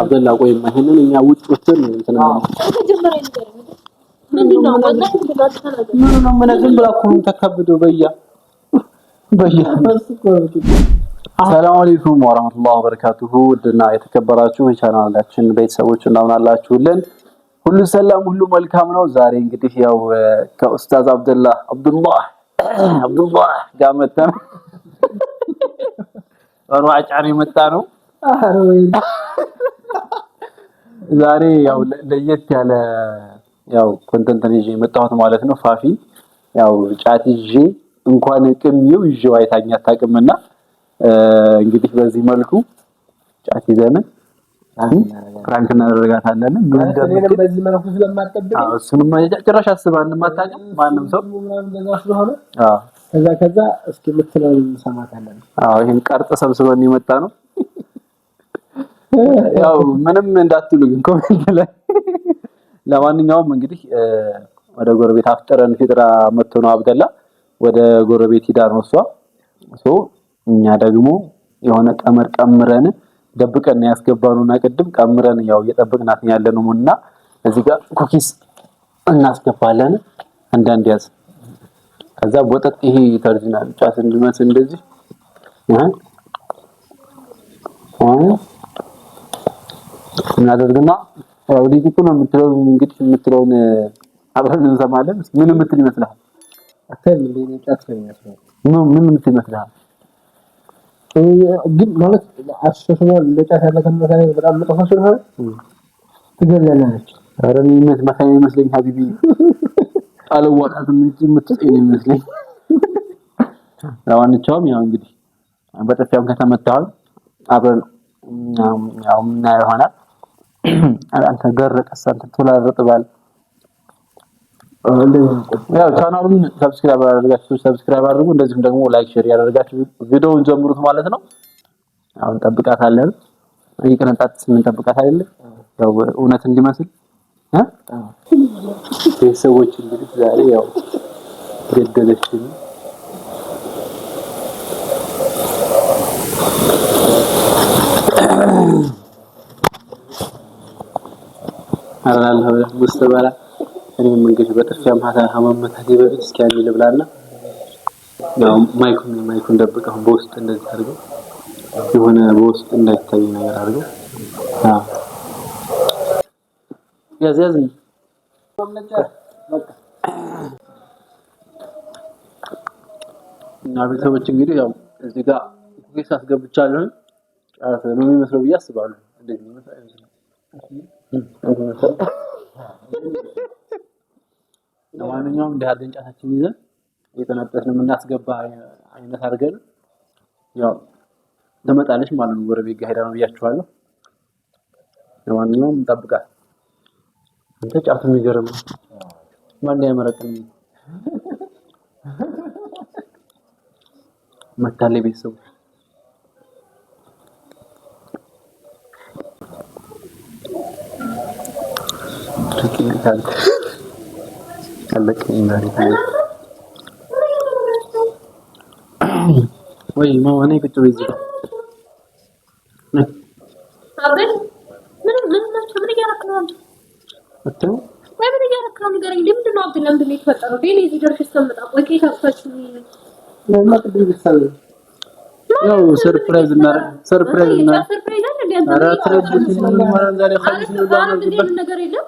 አብደላ ቆይ፣ ይሄንን እኛ ውጮችን እንትና ሰላም አለይኩም ወራህመቱላሂ ወበረካቱሁ። ውድና የተከበራችሁ የቻናላችን ቤተሰቦች እንደምን አላችሁልን? ሁሉ ሰላም ሁሉ መልካም ነው። ዛሬ እንግዲህ ያው ከኡስታዝ አብደላ አብዱላህ አብዱላህ ጋር መተን ወሩ አጫሪ መጣ ነው። ዛሬ ያው ለየት ያለ ያው ኮንተንት ይዤ የመጣሁት ማለት ነው። ፋፊ ያው ጫት ይዤ እንኳን ቅሜው ይዤው አይታኝ አታውቅምና እንግዲህ በዚህ መልኩ ጫት ይዘን ፍራንክ እናደርጋታለን። እሱንም ጭራሽ አስባ እንደማታውቅ ማንም ሰው ከዛ ከዛ እስኪ የምትለውን እንሰማታለን። አዎ ቀርጥ ሰብስበን የመጣ ነው። ያው ምንም እንዳትሉ ግን ኮሜንት ላይ ለማንኛውም እንግዲህ ወደ ጎረቤት አፍጥረን ፊጥራ መጥቶ ነው አብደላ ወደ ጎረቤት ሂዳ ነው እሷ እኛ ደግሞ የሆነ ቀመር ቀምረን ደብቀን ያስገባኑና ቅድም ቀምረን ያው እየጠበቅናት ያለነው እና እዚህ ጋር ኩኪስ እናስገባለን። አንዳንድ ያዝ ከዛ ወጠጥ ይሄ ተርጂናል ጫት እንድመስ እንደዚህ እናደርግና ያው ልጅቱ ነው የምትለው እንግዲህ የምትለውን አብረን እንሰማለን። ምን የምትል ይመስልሃል? ምን ምን የምትል ይመስልሃል? ግን ማለት አስተሳሰቧ ለጫት ያለከን በጣም መጥፎ ስለሆነ ትገለላለች። ኧረ እኔ እውነት መካኝ ይመስለኝ ሀቢቢ አልዋጣትም እንጂ የምትጠኝ ነው የሚመስለኝ። ለማንኛውም ያው እንግዲህ በጥፊያም ከተመታዋል አብረን ያው የምናየው ይሆናል። አንተ ገረቀስ አንተ ቶላ ያው ቻናሉን ሰብስክራይብ ያደርጋችሁ ሰብስክራይብ አድርጉ። እንደዚህም ደግሞ ላይክ፣ ሼር ያደርጋችሁ ቪዲዮውን ጀምሩት ማለት ነው። አሁን እንጠብቃታለን። እየቀነጣት እንጠብቃት አይደለ? ያው እውነት እንዲመስል ቤተሰቦች እንግዲህ ዛሬ ያው ገደለችን አራላ እኔም እንግዲህ በጥፊያም መመታት ይበል እስኪ ልብላና ያው ማይኩን ማይኩን ደብቀው በውስጥ እንደዚህ አድርገው የሆነ በውስጥ እንዳይታይ ነገር አድርገው አዎ እና ቤተሰቦች እንግዲህ ያው እዚህ ጋር ኩኪስ አስገብቻለሁ። ነው የሚመስለው ብዬ አስባለሁ። እንደዚህ ነው ለማንኛውም እንደ አድርገን ጫታችን ይዘን እየተነጠስን የምናስገባ አይነት አድርገን ያው ትመጣለች ማለት ነው። ጎረቤት ጋር ሄዳ ነው ብያችኋለሁ። ለማንኛውም እንጠብቃለን። አንተ ጫቱ የሚገርም ማን ያመረቅን መታለ ቤተሰቡ ትክክል አለቀኝ ማለት ወይ ነው። ቁጭ ብዬ ምን ምን ምን ነው ምን ሰርፕራይዝ ነገር የለም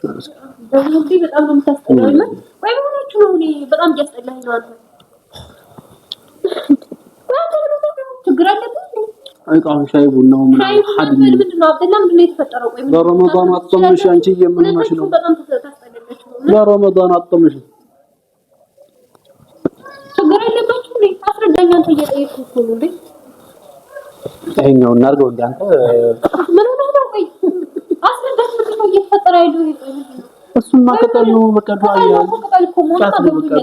በጣም ነው የምታስጠላው። ወይ በሆናችሁ ነው። ችግር አለብህ። እቃውን ሻይ ቡናው ለረመዳን አጠምሽ አንቺ የምንማሽ ነው። ለረመዳን አጠምሽ ችግር አለባችሁ። አስረዳኝ። አንተ እየጠየቅኩ እኮ ነው። ይኸኛውን እናድርገው። እንደ አንተ ምን ሆነህ ነው? ቆይ እሱማ ቅጠል ነው። በቃ ዱአ ያለው ቅጠል እኮ ሞታ ነው።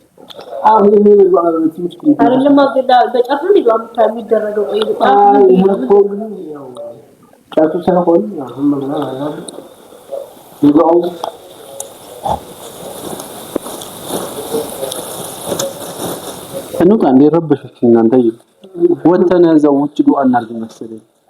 አይደለም በጨርም የሚደረገው ጫቱ ሳይሆን እንውጣ። እንደ ረበሾች እናንተ ወተነ እዛው ውጭ ዱአ እናድርግ መሰለኝ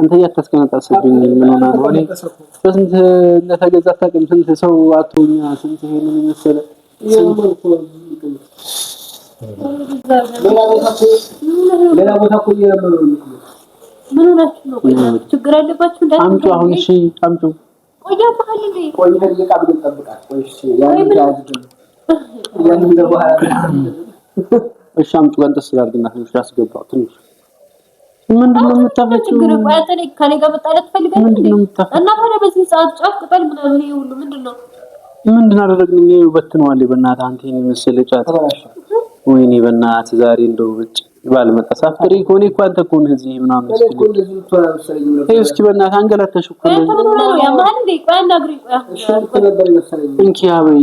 አንተ እያታስቀመጣ ሰብኝ ምን ሆነ ነው? እኔ በስንት እንደተገዛ አታውቅም። ስንት ሰው አቶኛ ስንት ይሄንን የመሰለ ሌላ ቦታ እኮ እየለመኑ ነው። ምን ሆናችሁ ነው? ችግር አለባችሁ? እንዳትሉ አምጡ፣ አሁን እሺ፣ አምጡ። ቆያ ባህል እንዴ ቆይ፣ ሄድ ይቃ ብለን ጠብቃል። ቆይ፣ እሺ፣ ያን ጋር ያንን ደባህ እሺ፣ አምጡ። ቀንጠስ ስላድርግና ትንሽ አስገባው ትንሽ ምንድን ነው የምታፈችው? ከኔ ጋር መጣላት ትፈልጋለህ? እና ታዲያ በዚህ ሰዓት ጫፍ ቅጠል ምናምን ይሄ ሁሉ ምንድን ነው? ምንድን አደረግን? ይሄ በትነዋል። በእናትህ አንተ ይሄን መሰለ ጫት። ወይኔ በእናትህ ዛሬ እንደው ባልመጣ ሳፍሪ እኮ አንተ እኮ ነህ እዚህ ምናምን እስኪ በእናትህ እኮ ነው። ያማን ቆይ ቆይ እንኪ አበይ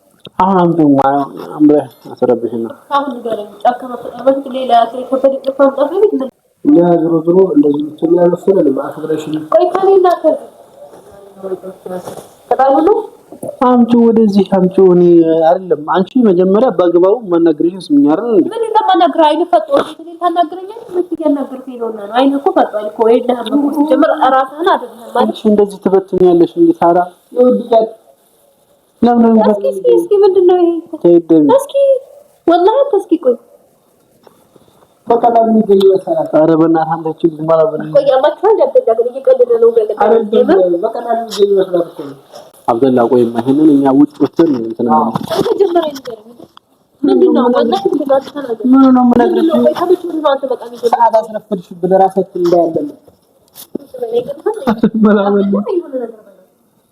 አሁን አምጡ አምረህ አስረብሽ ነው። ዞሮ ዞሮ እንደዚህ ብትል ያለፈለ አምጪ ወደዚህ አምጪ። እኔ አይደለም አንቺ መጀመሪያ በአግባቡ ማናገርሽን ስምኝ እንዴ? ምን እንደማናገር አይነ ፈጥቶ ስለዚህ ምን እያናገርከኝ ነው? እና አይነ እኮ ፈጥቶ አልኮ ወይ ለምን ጀምር አይደለም አንቺ እንደዚህ ትበትኛለሽ እንዴ? ይወድቃት ለምን እስኪ እስኪ እስኪ ምንድን ነው ይሄ? እስኪ ወላሂ እስኪ ቆይ ኧረ በእናትህ አንተ እቺ ልጅ ማለት ነው። ቆይ አማካኝ አትደጋግም፣ እየቀለደ ነው ገለደ። አብደላ ቆይ ይሄንን እኛ ውጭ ወጥተን እንትን ነው ተጀመረ ይነገር ምንድን ነው ወላሂ ምን ነው የምነግርህ? ከቤት ወደ አንተ በጣም ይገርም ሰዓት አስረፈድሽብን ራሳችን እንዳያለን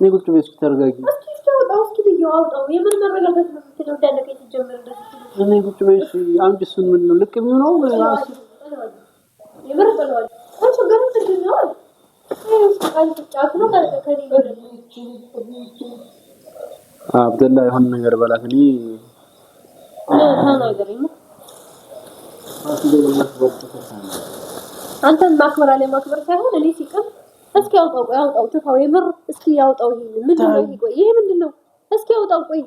እኔ ቁጭ ብዬሽ እስኪ ተረጋጊ። እስኪ እስኪ አውጣው እስኪ ምን ልቅ የሚሆነው? አብደላ የሆነ ነገር በላት። አንተን ማክበር አለ ማክበር ሳይሆን እኔ ሲቀር እስኪ ያውጣው፣ ያውጣው፣ ትፋው፣ የምር እስኪ ያውጣው። ይሄ ምንድን ነው? ይሄ ይሄ ምንድን ነው? እስኪ ያውጣው። ቆይ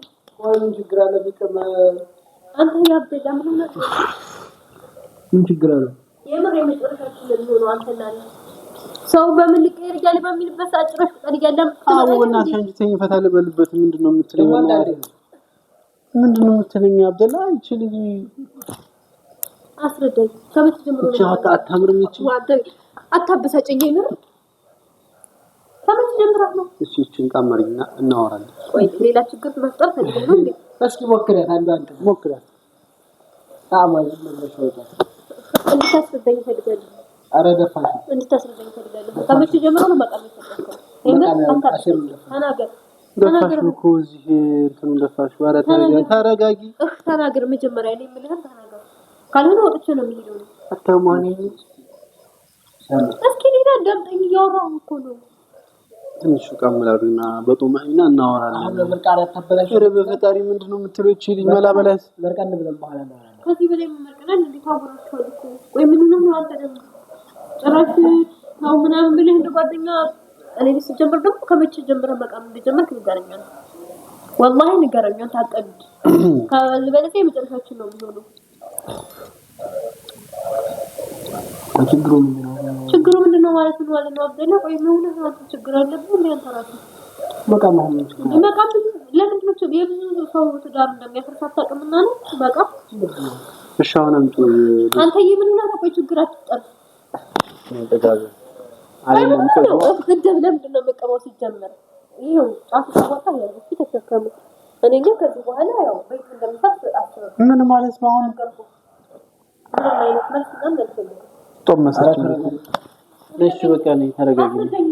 ምን ችግር አለ? ቢቀመ አንተ ያበላ ምን ነው? ምን ችግር አለ? የምር የመጨረሻችን ለሚሆነው አንተና ሰው በምን ሊቀየር እያለ በሚልበት ሰዓት ጭራሽ ቁጠር እያለ አዎ፣ እና አንቺ ተይኝ፣ ፈታ ልበልበት። ምንድን ነው የምትለኝ? ምንድን ነው የምትለኝ? አብደላ አንቺ ልጅ አስረዳኝ። ከመቼ ጀምሮ ነው አታምርም? ይቺ አታበሳጨኝ። የምር ከመቼ ጀምረህ ነው? እሺ እቺን ቃመሪና እናወራለን። ቆይ ሌላ ችግር መፍጠር ፈልገህ ነው እንዴ? እስኪ ሞክራት፣ አንዱ አንዱ ሞክራት። አማይ እንድታስረዳኝ ፈልጋለሁ። አረ ደፋሽ እንድታስረዳኝ ፈልጋለሁ። ከመቼ ጀምሮ ነው መቃም ተናገር መጀመሪያ። እኔ የምልህን ተናገር፣ ካልሆነ ወጥቼ ነው የሚሄደው። እስኪ ሌላ ዳምጠኝ፣ እያወራሁ እኮ ነው ትንሽ ቀምላሉና በጦማኝና እናወራለን። ኧረ በፈጣሪ ምንድን ነው የምትለው? እቺ ልጅ መላ በላት። ከዚህ በላይ መርቀናል መመርቀናል። እንዴት አወራሽ? ወይ ምን ነው አንተ ደግሞ ጭራሽ ነው ምናምን ብለህ እንደ ጓደኛ እኔ ስጀምር ደግሞ ከመቼ ጀምረህ መቃም እንደጀመርክ ነው ወላሂ ንገረኛል። ታቀድ ከበለጠ የመጨረሻችን ነው የሚሆነው። ችግሩ ችግሩ ማለት ነው ማለት ነው። ቆይ ምን ሆነህ ችግር አለብህ እንዴ? አንተ ራስህ መቃም መቃም ለምንድን ነው የብዙ ሰው ትዳር እንደሚያፈርሳት አቅምና ነው መቃም። እሺ አሁን አምጡ አንተ የምን ሆነህ ነው? ቆይ ችግር አትጠር ተጋዘ ለምንድን ነው ሲጀመር ይሄው ጫፍ ታወጣ እስኪ ተሸከሙ። እኔ ግን ከዚህ በኋላ ያው ቤት እንደምፈት አስበው ምን ማለት ነው አሁን ጦም መስራት እሺ በቃ ነኝ። ተረጋጊ እኮ ነኝ።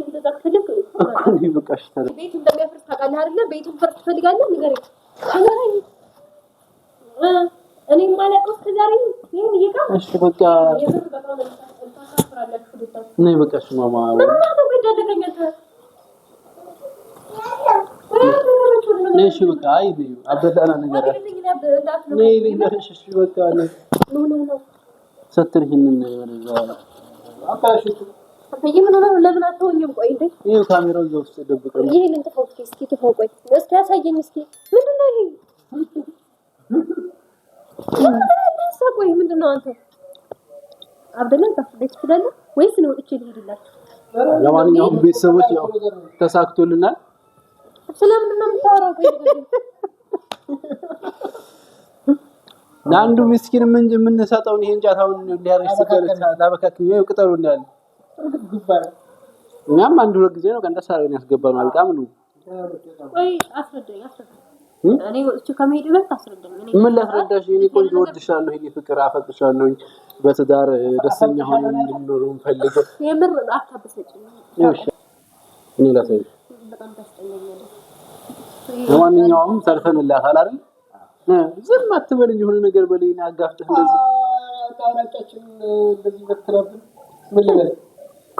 በቃ እሺ ተረጋጊ። ቤቱ እንደሚያፈርስ ታውቃለህ አይደለ? ቤቱን ፈርስ ትፈልጋለህ? ንገረኝ። እኔ የማላውቀው እስከ ዛሬ ይሄን እየቀረ እሺ በቃ ነይ በቃ እሺ ማማ እሺ በቃ አይ አበላና ነገር ነይ ልንገርሽ። እሺ በቃ ነይ ሰትርሽን ወደዛ አካሽቱ የምን ሆነው ለምን አትሆኝም? ቆይ እንዴ ይሄው ካሜራው እዛ ውስጥ ምን እስኪ ቆይ እስኪ ያሳየኝ እስኪ ምንድን ነው ይሄ? ቆይ ምንድን ነው አንተ አብደለን ቤት ወይስ ነው እቺ ልሄድላችሁ? ለማንኛውም ቤተሰቦች ያው ተሳክቶልናል። ስለምንድን ነው የምታወራው? ቆይ ለአንዱ ምስኪን ምን የምንሰጠውን ይሄን ጫታውን ሊያረሽ ስለቻለ ላበካክኝ ቅጠሉን ይባላል። እኛም አንድ ሁለት ጊዜ ነው ቀንደስ አድርገን ያስገባነው። ነው ወይ አስረዳኝ፣ እኔ ከመሄድ በፊት ምን ላስረዳሽ? እኔ ቆንጆ እወድሻለሁ፣ እኔ ፍቅር አፈቅሻለሁ፣ በትዳር ደስተኛ እንፈልገው። የምር እሺ፣ እኔ ላሳይሽ። ለማንኛውም ሰርተንላታል አይደል? ዝም የሆነ ነገር በለኝ። አጋፍጥህ እንደዚህ ታውራጫችን እንደዚህ ምን ልበል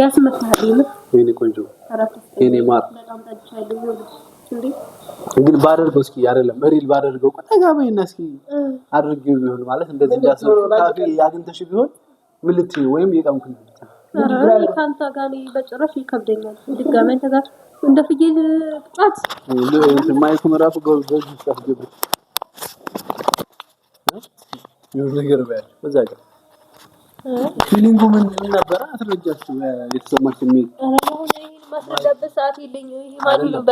ያስመታል። የእኔ ቆንጆ የእኔ ማር እንግዲህ ባደርገው እስኪ አይደለም ሪል ባደርገው ጠጋ በይና እስኪ አድርጌው ቢሆን ማለት እንደዚህ እንዳሰሩ ካፌ ቢሆን ምን ልትይ ወይም የቀምኩኝ ከአንተ ጋር በጭራሽ ይከብደኛል። ድጋሚ አንተ ጋር እንደ ፍየል ጣት ማየቱን እራሱ በእጅ የሆነ ነገር በያል በዛ ፊሊንጉ ምን ነበረ? ስሜት? ማስረዳበት ሰዓት የለኝም።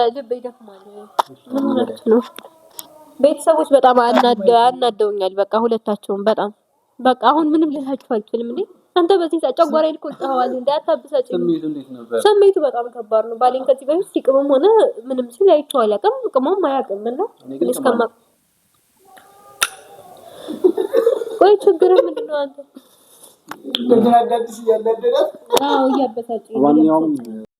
ቤተሰቦች በጣም አናደውኛል። በቃ ሁለታቸውም በጣም በቃ አሁን ምንም ልላችሁ አልችልም። እንዴ አንተ በዚህ ሰዓት ጨጓራዬን ቆጣኸዋል። እንዴ አታብሳጭ። ስሜቱ በጣም ከባድ ነው። ባሌን ከዚህ በፊት ሲቅምም ሆነ ምንም ሲል አይቼው አላውቅም። ቅሞም አያውቅም እና እስከማ ቆይ ችግር ምንድን ነው አንተ?